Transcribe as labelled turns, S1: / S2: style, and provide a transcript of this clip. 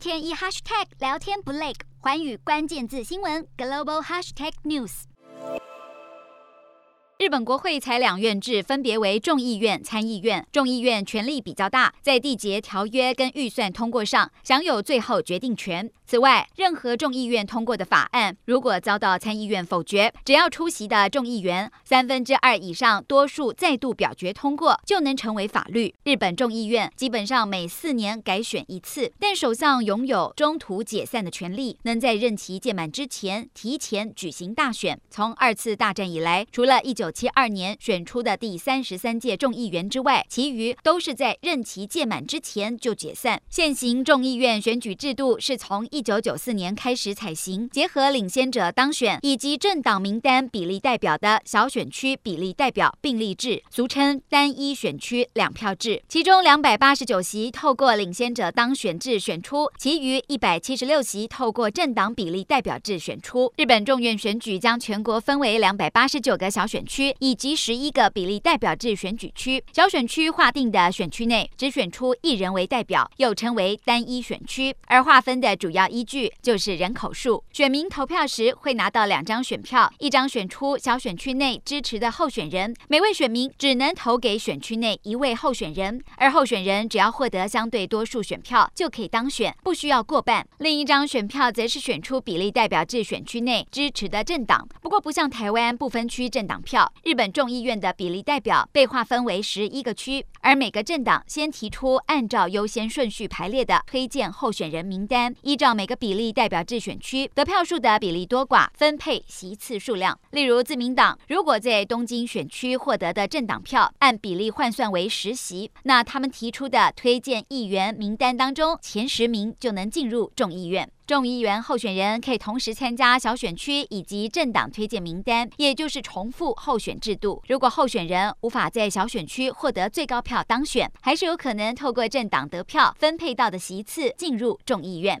S1: 天一 hashtag 聊天不累，寰宇關鍵字新聞 global hashtag news。日本國會採兩院制，分別為眾議院、參議院。眾議院權力比較大，在締結條約跟預算通過上享有最後決定權。此外，任何眾議院通過的法案，如果遭到參議院否決，只要出席的眾議員三分之二以上多數再度表決通過，就能成為法律。日本眾議院基本上每四年改選一次，但首相擁有中途解散的權利，能在任期屆滿之前提前舉行大選。從二次大戰以來，除了一九七二年選出的第三十三屆眾議員之外，其餘都是在任期屆滿之前就解散。現行眾議院選舉制度是從一一九九四年開始採行結合領先者當選以及政黨名單比例代表的小選區比例代表並立制，俗稱單一選區兩票制。其中兩百八十九席透過領先者當選制選出，其餘一百七十六席透過政黨比例代表制選出。日本眾院選舉將全國分為兩百八十九個小選區以及十一個比例代表制選舉區。小選區劃定的選區內只選出一人為代表，又稱為單一選區，而劃分的主要。依據就是人口數，選民投票時會拿到兩張選票，一張選出小選區內支持的候選人，每位選民只能投給選區內一位候選人，而候選人只要獲得相對多數選票就可以當選，不需要過半。另一張選票則是選出比例代表制選區內支持的政黨，不過不像台灣不分區政黨票，日本眾議院的比例代表被劃分為十一個區，而每個政黨先提出按照優先順序排列的推薦候選人名單，依照每。每個比例代表制選區得票數的比例多寡，分配席次數量。例如自民黨，如果在東京選區獲得的政黨票按比例換算為十席，那他們提出的推薦議員名單當中前十名就能進入眾議院。眾議員候選人可以同時參加小選區以及政黨推薦名單，也就是重複候選制度。如果候選人無法在小選區獲得最高票當選，還是有可能透過政黨得票分配到的席次進入眾議院。